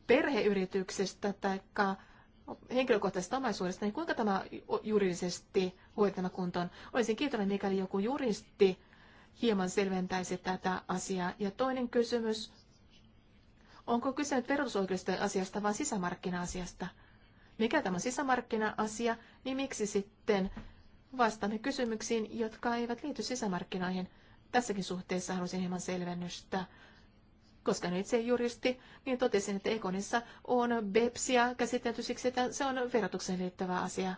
perheyrityksestä tai henkilökohtaisesta omaisuudesta, niin kuinka tämä juridisesti hoitama kuntoon? Olisin kiitollinen, mikäli joku juristi hieman selventäisi tätä asiaa. Ja toinen kysymys, onko kyse nyt verotusoikeuden asiasta vai sisämarkkina-asiasta? Mikä tämä sisämarkkina-asia, niin miksi sitten vastaamme kysymyksiin, jotka eivät liity sisämarkkinoihin? Tässäkin suhteessa haluaisin hieman selvennystä. Koska nyt se juristi, niin totesin, että Ekonissa on BEPSia käsitelty siksi, että se on verotukseen liittyvä asia.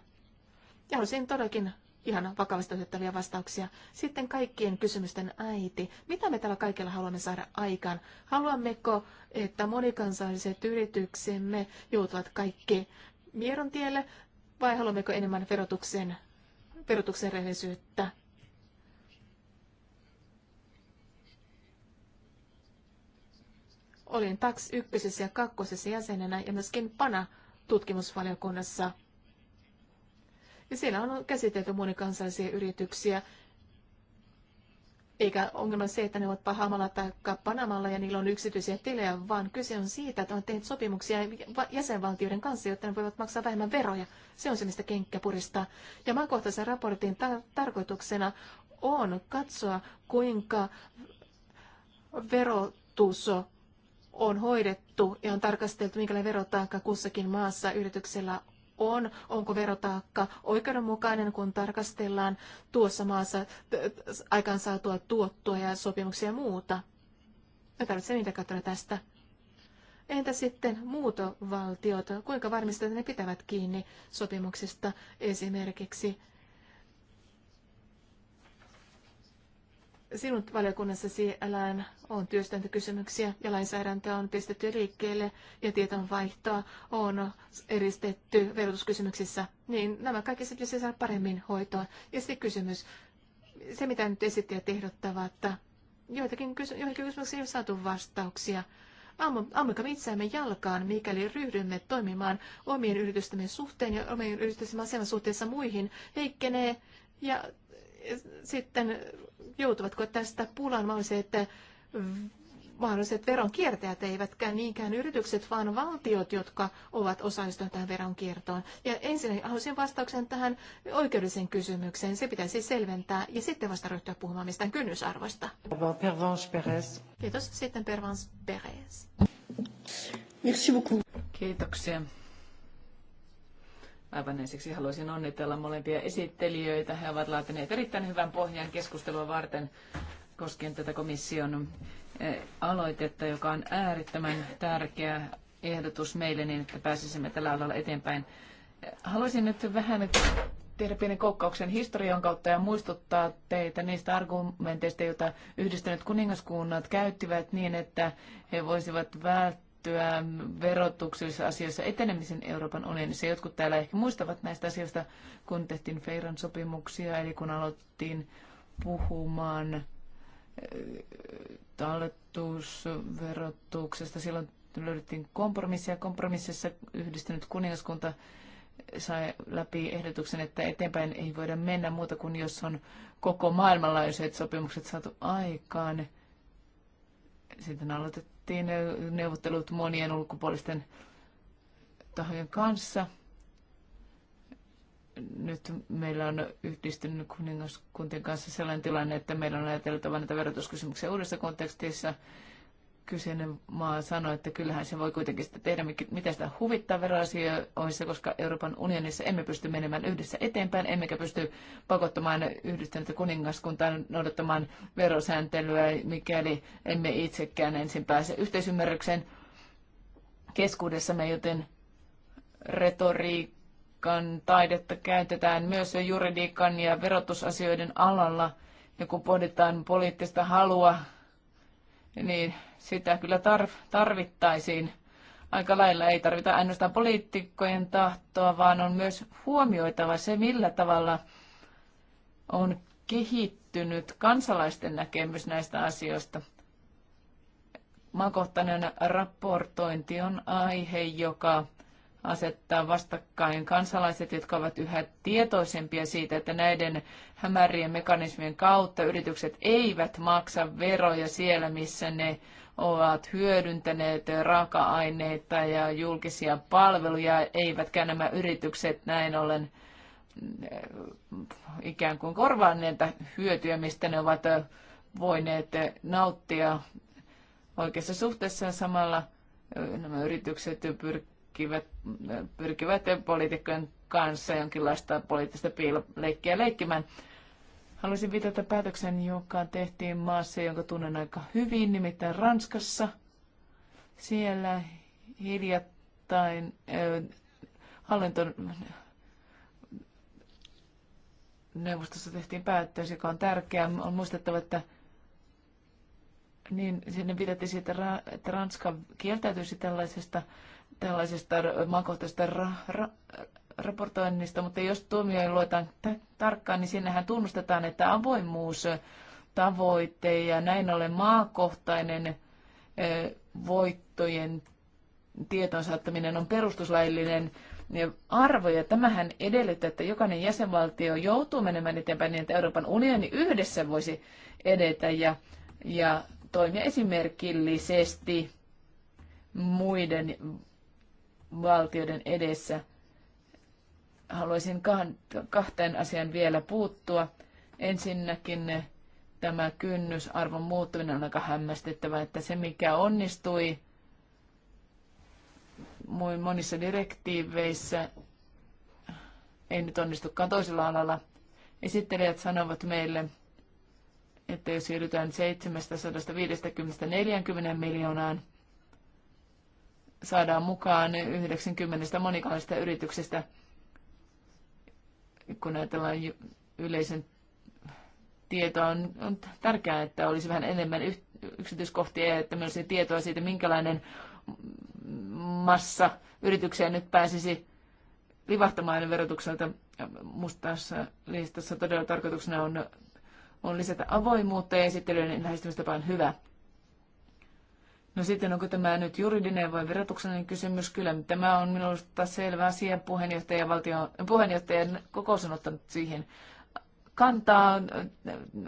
Ja halusin todellakin ihan vakavasti otettavia vastauksia. Sitten kaikkien kysymysten äiti. Mitä me tällä kaikella haluamme saada aikaan? Haluammeko, että monikansalliset yrityksemme joutuvat kaikki mieron tielle vai haluammeko enemmän verotuksen, verotuksen rehellisyyttä? Olin TAX ykkösessä ja kakkosessa jäsenenä ja myöskin PANA-tutkimusvaliokunnassa. Ja siellä on käsitelty monikansallisia yrityksiä, eikä ongelma se, että ne ovat Pahamalla tai Panamalla ja niillä on yksityisiä tilejä, vaan kyse on siitä, että on tehnyt sopimuksia jäsenvaltioiden kanssa, jotta ne voivat maksaa vähemmän veroja. Se on se, mistä kenkkä puristaa. Ja maakohtaisen raportin ta- tarkoituksena on katsoa, kuinka verotus on hoidettu ja on tarkasteltu, minkälainen verotaakka kussakin maassa yrityksellä on, onko verotaakka oikeudenmukainen, kun tarkastellaan tuossa maassa aikaansaatua tuottoa ja sopimuksia ja muuta. Me tarvitsemme indikaattoria tästä. Entä sitten muutovaltiot? Kuinka varmistetaan, että ne pitävät kiinni sopimuksista esimerkiksi Sinut valiokunnassasi LN on työstänyt kysymyksiä ja lainsäädäntöä on pistetty liikkeelle ja tietonvaihtoa on eristetty verotuskysymyksissä, niin nämä kaikki pitäisi saada paremmin hoitoon. Ja sitten kysymys, se mitä nyt ja tehdottava, että joitakin, kysy- kysymyksiä ei ole saatu vastauksia. Ammukamme itseämme jalkaan, mikäli ryhdymme toimimaan omien yritystemme suhteen ja omien yritystemme aseman suhteessa muihin, heikkenee ja sitten joutuvatko tästä pulaan että mahdolliset veronkiertäjät, eivät niinkään yritykset, vaan valtiot, jotka ovat osallistuneet tähän veronkiertoon. Ja ensin haluaisin vastauksen tähän oikeudelliseen kysymykseen. Se pitäisi selventää ja sitten vasta ryhtyä puhumaan mistään kynnysarvoista. Kiitos. Sitten Pervans Perez. Merci beaucoup. Kiitoksia Aivan ensiksi haluaisin onnitella molempia esittelijöitä. He ovat laatineet erittäin hyvän pohjan keskustelua varten koskien tätä komission eh, aloitetta, joka on äärettömän tärkeä ehdotus meille niin, että pääsisimme tällä alalla eteenpäin. Haluaisin nyt vähän tehdä pienen kokkauksen historian kautta ja muistuttaa teitä niistä argumenteista, joita yhdistyneet kuningaskunnat käyttivät niin, että he voisivat välttää edettyä verotuksellisissa asioissa etenemisen Euroopan unionissa. Jotkut täällä ehkä muistavat näistä asioista, kun tehtiin Feiran sopimuksia, eli kun aloittiin puhumaan eh, talletusverotuksesta. Silloin löydettiin kompromissia. Kompromississa yhdistynyt kuningaskunta sai läpi ehdotuksen, että eteenpäin ei voida mennä muuta kuin jos on koko maailmanlaajuiset sopimukset saatu aikaan. Sitten aloitettiin aloitettiin neuvottelut monien ulkopuolisten tahojen kanssa. Nyt meillä on yhdistynyt kuningaskuntien kanssa sellainen tilanne, että meillä on ajateltava näitä verotuskysymyksiä uudessa kontekstissa – kyseinen maa sanoi, että kyllähän se voi kuitenkin sitä tehdä, mitä sitä huvittaa veroasioissa, koska Euroopan unionissa emme pysty menemään yhdessä eteenpäin, emmekä pysty pakottamaan yhdistyneitä kuningaskuntaa noudattamaan verosääntelyä, mikäli emme itsekään ensin pääse yhteisymmärrykseen keskuudessamme, joten retoriikan taidetta käytetään myös juridiikan ja verotusasioiden alalla, ja kun pohditaan poliittista halua, niin sitä kyllä tarvittaisiin aika lailla. Ei tarvita ainoastaan poliitikkojen tahtoa, vaan on myös huomioitava se, millä tavalla on kehittynyt kansalaisten näkemys näistä asioista. Maakohtainen raportointi on aihe, joka asettaa vastakkain kansalaiset, jotka ovat yhä tietoisempia siitä, että näiden hämärien mekanismien kautta yritykset eivät maksa veroja siellä, missä ne ovat hyödyntäneet raaka-aineita ja julkisia palveluja, eivätkä nämä yritykset näin ollen eh, ikään kuin korvanneet hyötyjä, mistä ne ovat eh, voineet eh, nauttia oikeassa suhteessa samalla nämä yritykset pyrkivät, pyrkivät poliitikkojen kanssa jonkinlaista poliittista piiloleikkiä leikkimään. Haluaisin viitata päätöksen, joka tehtiin maassa, jonka tunnen aika hyvin, nimittäin Ranskassa. Siellä hiljattain äh, hallinto neuvostossa tehtiin päätös, joka on tärkeä. On muistettava, että niin sinne pidettiin siitä, että Ranska kieltäytyisi tällaisesta, tällaisesta maakohtaisesta ra, ra, raportoinnista, mutta jos tuomioon luetaan tarkkaan, niin sinnehän tunnustetaan, että avoimuus tavoite ja näin ollen maakohtainen voittojen tietoon saattaminen on perustuslaillinen arvo, ja tämähän edellyttää, että jokainen jäsenvaltio joutuu menemään eteenpäin niin, että Euroopan unioni yhdessä voisi edetä ja, ja toimia esimerkillisesti muiden valtioiden edessä haluaisin kahteen asian vielä puuttua. Ensinnäkin tämä kynnysarvon muuttuminen on aika hämmästyttävä, että se mikä onnistui monissa direktiiveissä, ei nyt onnistukaan toisella alalla. Esittelijät sanovat meille, että jos siirrytään 750-40 miljoonaan, saadaan mukaan 90 monikaalista yrityksestä – kun ajatellaan yleisen tietoa, on, on tärkeää, että olisi vähän enemmän yksityiskohtia, että myös tietoa siitä, minkälainen massa yrityksiä nyt pääsisi livahtamaan verotukselta mustassa listassa. Todella tarkoituksena on, on lisätä avoimuutta ja esittelyiden lähestymistapa on hyvä. No sitten onko tämä nyt juridinen vai verotuksellinen kysymys? Kyllä tämä on minusta selvä asia. Puheenjohtaja, valtio, puheenjohtajan kokous on ottanut siihen kantaa.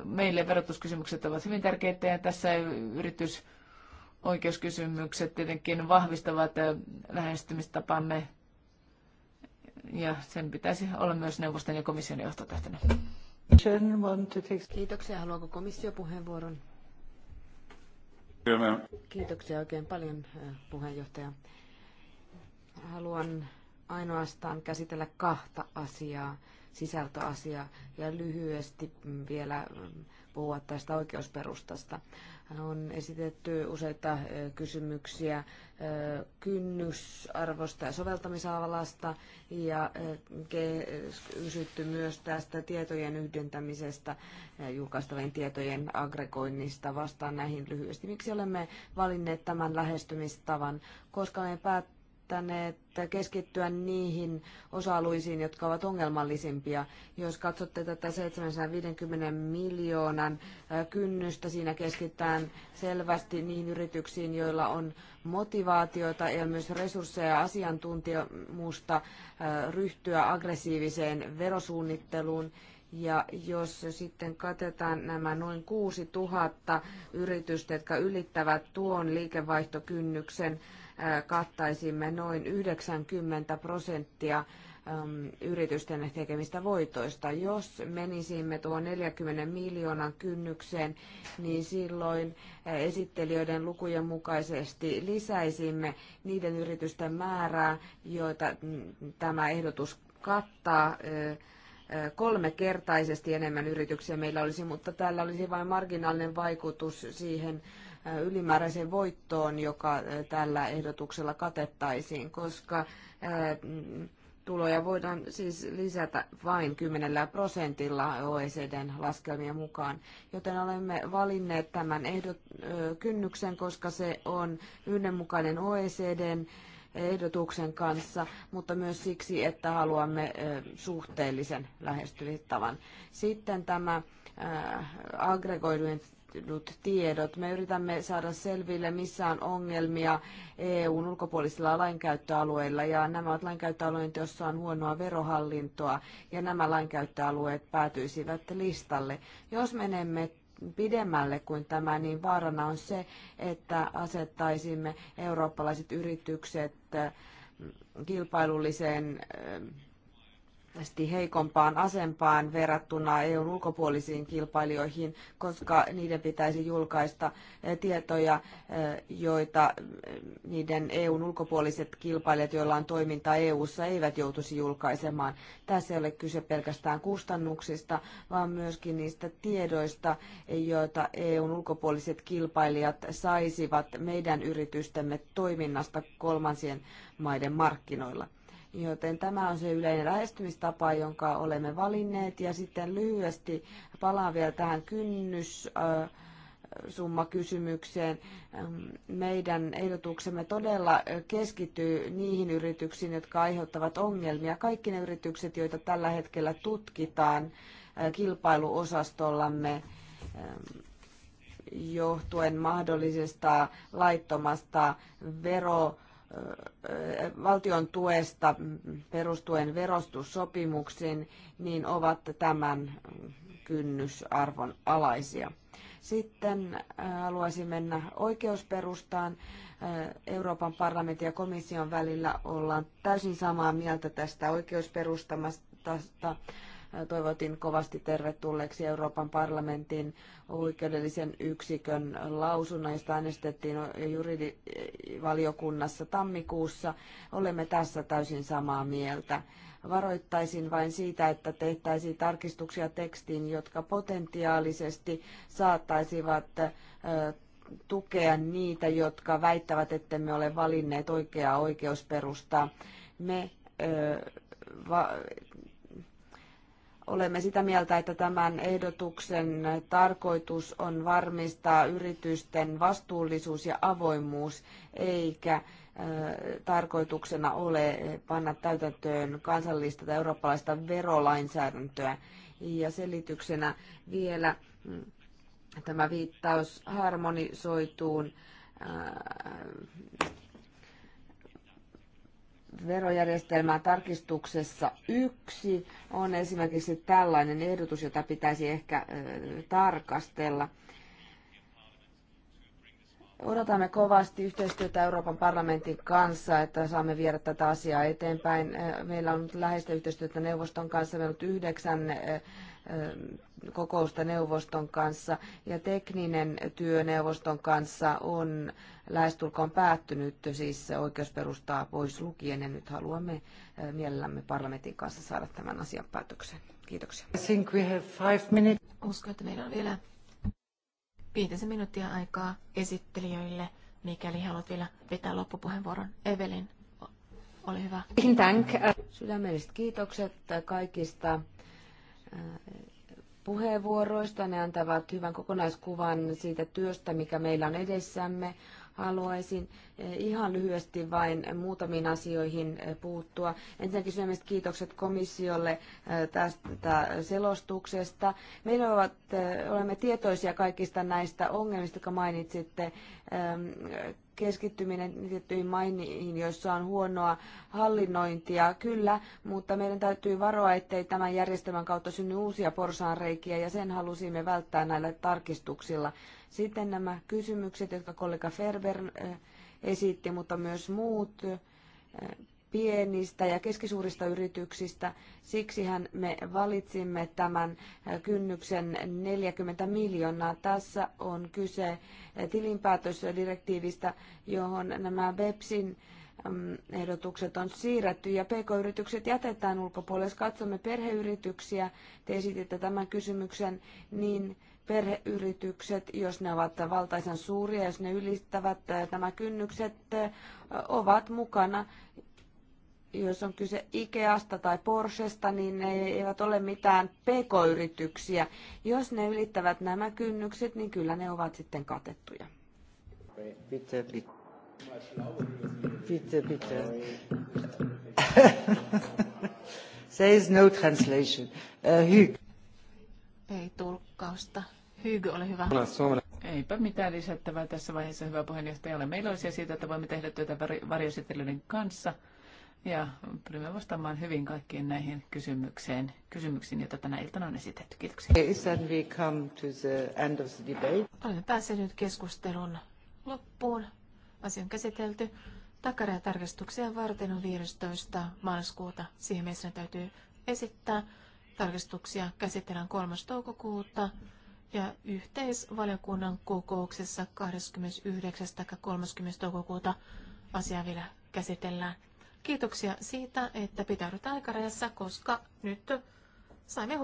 Meille verotuskysymykset ovat hyvin tärkeitä ja tässä yritys oikeuskysymykset tietenkin vahvistavat lähestymistapamme ja sen pitäisi olla myös neuvoston ja komission johtotehtävä. Kiitoksia. Haluaako komissio puheenvuoron? Kiitoksia oikein paljon äh, puheenjohtaja. Haluan ainoastaan käsitellä kahta asiaa, sisältöasiaa ja lyhyesti vielä mm, puhua tästä oikeusperustasta. On esitetty useita kysymyksiä kynnysarvosta ja soveltamisalasta ja kysytty myös tästä tietojen yhdentämisestä, julkaistavien tietojen aggregoinnista. Vastaan näihin lyhyesti. Miksi olemme valinneet tämän lähestymistavan? Koska me päät- päättäneet keskittyä niihin osa-alueisiin, jotka ovat ongelmallisimpia. Jos katsotte tätä 750 miljoonan kynnystä, siinä keskitään selvästi niihin yrityksiin, joilla on motivaatiota ja myös resursseja ja asiantuntijamusta ryhtyä aggressiiviseen verosuunnitteluun. Ja jos sitten katsotaan nämä noin 6000 yritystä, jotka ylittävät tuon liikevaihtokynnyksen, kattaisimme noin 90 prosenttia yritysten tekemistä voitoista. Jos menisimme tuon 40 miljoonan kynnykseen, niin silloin esittelijöiden lukujen mukaisesti lisäisimme niiden yritysten määrää, joita tämä ehdotus kattaa kertaisesti enemmän yrityksiä meillä olisi, mutta tällä olisi vain marginaalinen vaikutus siihen ylimääräiseen voittoon, joka tällä ehdotuksella katettaisiin, koska tuloja voidaan siis lisätä vain 10 prosentilla OECDn laskelmien mukaan, joten olemme valinneet tämän ehdot, kynnyksen, koska se on yhdenmukainen OECDn ehdotuksen kanssa, mutta myös siksi, että haluamme suhteellisen lähestymistavan. Sitten tämä aggregoidujen tiedot. Me yritämme saada selville, missä on ongelmia EUn ulkopuolisilla lainkäyttöalueilla, ja nämä ovat lainkäyttöalueet, joissa on huonoa verohallintoa, ja nämä lainkäyttöalueet päätyisivät listalle. Jos menemme pidemmälle kuin tämä, niin vaarana on se, että asettaisimme eurooppalaiset yritykset mm, kilpailulliseen mm, heikompaan asempaan verrattuna EUn ulkopuolisiin kilpailijoihin, koska niiden pitäisi julkaista eh, tietoja, eh, joita eh, niiden EUn ulkopuoliset kilpailijat, joilla on toimintaa EUssa, eivät joutuisi julkaisemaan. Tässä ei ole kyse pelkästään kustannuksista, vaan myöskin niistä tiedoista, joita EUn ulkopuoliset kilpailijat saisivat meidän yritystemme toiminnasta kolmansien maiden markkinoilla. Joten tämä on se yleinen lähestymistapa, jonka olemme valinneet. Ja sitten lyhyesti palaan vielä tähän kynnys kysymykseen. Meidän ehdotuksemme todella keskittyy niihin yrityksiin, jotka aiheuttavat ongelmia. Kaikki ne yritykset, joita tällä hetkellä tutkitaan kilpailuosastollamme johtuen mahdollisesta laittomasta vero valtion tuesta perustuen verostussopimuksiin, niin ovat tämän kynnysarvon alaisia. Sitten haluaisin mennä oikeusperustaan. Euroopan parlamentin ja komission välillä ollaan täysin samaa mieltä tästä oikeusperustamasta toivotin kovasti tervetulleeksi Euroopan parlamentin oikeudellisen yksikön lausunnon, josta äänestettiin juridivaliokunnassa tammikuussa. Olemme tässä täysin samaa mieltä. Varoittaisin vain siitä, että tehtäisiin tarkistuksia tekstiin, jotka potentiaalisesti saattaisivat tukea niitä, jotka väittävät, että me ole valinneet oikeaa oikeusperustaa. Me va- Olemme sitä mieltä, että tämän ehdotuksen tarkoitus on varmistaa yritysten vastuullisuus ja avoimuus, eikä tarkoituksena ole panna täytäntöön kansallista tai eurooppalaista verolainsäädäntöä. Ja selityksenä vielä mm, tämä viittaus harmonisoituun verojärjestelmää tarkistuksessa yksi on esimerkiksi tällainen ehdotus, jota pitäisi ehkä tarkastella. Odotamme kovasti yhteistyötä Euroopan parlamentin kanssa, että saamme viedä tätä asiaa eteenpäin. Äh, meillä on nyt läheistä yhteistyötä neuvoston kanssa. Meillä on nyt yhdeksän äh, äh, kokousta neuvoston kanssa ja tekninen työ neuvoston kanssa on lähestulkoon päättynyt, siis oikeusperustaa pois lukien ja nyt haluamme mielellämme parlamentin kanssa saada tämän asian päätöksen. Kiitoksia. think we have five minutes. Uskon, että meillä on vielä viitisen minuuttia aikaa esittelijöille, mikäli haluat vielä vetää loppupuheenvuoron. Evelin, ole hyvä. Thank. Sydämelliset kiitokset kaikista äh, puheenvuoroista. Ne antavat hyvän kokonaiskuvan siitä työstä, mikä meillä on edessämme. Haluaisin eh, ihan lyhyesti vain muutamiin asioihin eh, puuttua. Ensinnäkin sydämestä kiitokset komissiolle eh, tästä selostuksesta. Meillä ovat, olemme tietoisia kaikista näistä ongelmista, jotka mainitsitte keskittyminen tiettyihin maihin, joissa on huonoa hallinnointia, kyllä, mutta meidän täytyy varoa, ettei tämän järjestelmän kautta synny uusia porsaanreikiä, ja sen halusimme välttää näillä tarkistuksilla. Sitten nämä kysymykset, jotka kollega Ferber äh, esitti, mutta myös muut äh, pienistä ja keskisuurista yrityksistä. Siksihän me valitsimme tämän äh, kynnyksen 40 miljoonaa. Tässä on kyse tilinpäätösdirektiivistä, johon nämä BEPSin ehdotukset on siirretty ja pk-yritykset jätetään ulkopuolelle. Jos katsomme perheyrityksiä, te esititte tämän kysymyksen, niin perheyritykset, jos ne ovat valtaisen suuria, jos ne ylittävät nämä kynnykset, ovat mukana. Jos on kyse Ikeasta tai Porschesta, niin ne eivät ole mitään pk-yrityksiä. Jos ne ylittävät nämä kynnykset, niin kyllä ne ovat sitten katettuja. Bitte, bitte. Bitte, bitte. There is no translation. Uh, Ei tulkkausta. Hyykö, ole hyvä. Eipä mitään lisättävää tässä vaiheessa, hyvä puheenjohtaja. Olemme iloisia siitä, että voimme tehdä työtä varjoesittelyiden kanssa ja pyrimme vastaamaan hyvin kaikkiin näihin kysymykseen, kysymyksiin, joita tänä iltana on esitetty. Kiitoksia. Olemme päässeet nyt keskustelun loppuun. Asia on käsitelty. Takarajatarkastuksia varten on 15. maaliskuuta. Siihen meissä täytyy esittää. Tarkastuksia käsitellään 3. toukokuuta ja yhteisvaliokunnan kokouksessa 29. tai 30. toukokuuta asiaa vielä käsitellään. Kiitoksia siitä, että pitäydyt aikarajassa, koska nyt saimme